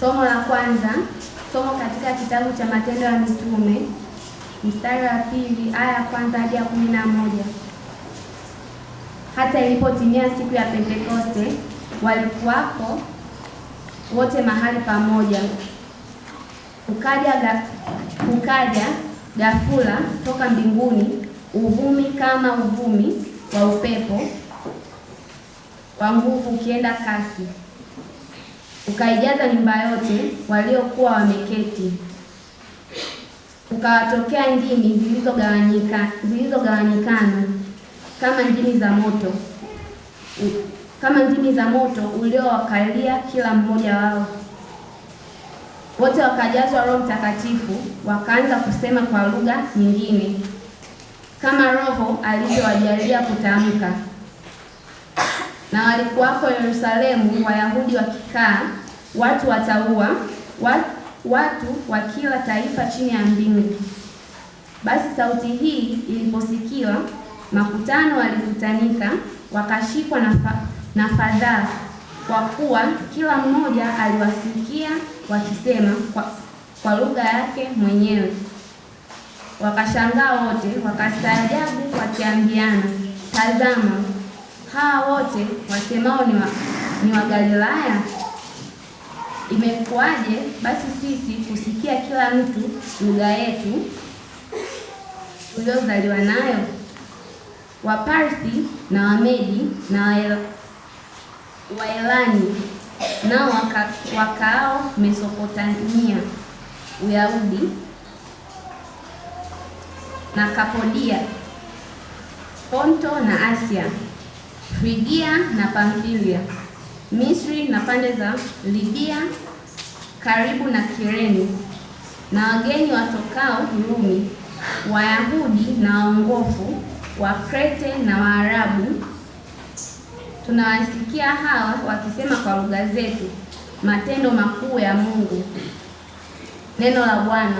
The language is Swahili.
Somo la kwanza, somo katika kitabu cha Matendo ya Mitume mstari wa pili aya ya kwanza hadi ya kumi na moja. Hata ilipotimia siku ya Pentekoste, walikuwako wote mahali pamoja. Ukaja ga, ukaja ghafula toka mbinguni uvumi kama uvumi wa upepo wa nguvu ukienda kasi ukaijaza nyumba yote waliokuwa wameketi. Ukawatokea ndimi zilizogawanyika zilizogawanyikana kama ndimi za moto kama ndimi za moto uliowakalia kila mmoja wao. Wote wakajazwa Roho Mtakatifu, wakaanza kusema kwa lugha nyingine kama Roho alivyowajalia kutamka. Na walikuwako Yerusalemu Wayahudi wakikaa watu wataua watu wa kila taifa chini ya mbingu. Basi sauti hii iliposikiwa, makutano walikutanika, wakashikwa na, fa, na fadhaa, kwa kuwa kila mmoja aliwasikia wakisema kwa, kwa lugha yake mwenyewe. Wakashangaa wote, wakastaajabu, wakiambiana, tazama, hawa wote wasemao ni Wagalilaya? Imekuwaje basi sisi kusikia kila mtu lugha yetu tuliozaliwa nayo? waparsi na Wamedi na Waelani nao waka, wakaao Mesopotamia, Uyahudi na Kapodia, Ponto na Asia, Frigia na Pamfilia Misri na pande za Libia karibu na Kireni na wageni watokao Rumi, Wayahudi na waongofu, Wakrete na Waarabu. Tunawasikia hawa wakisema kwa lugha zetu matendo makuu ya Mungu. Neno la Bwana.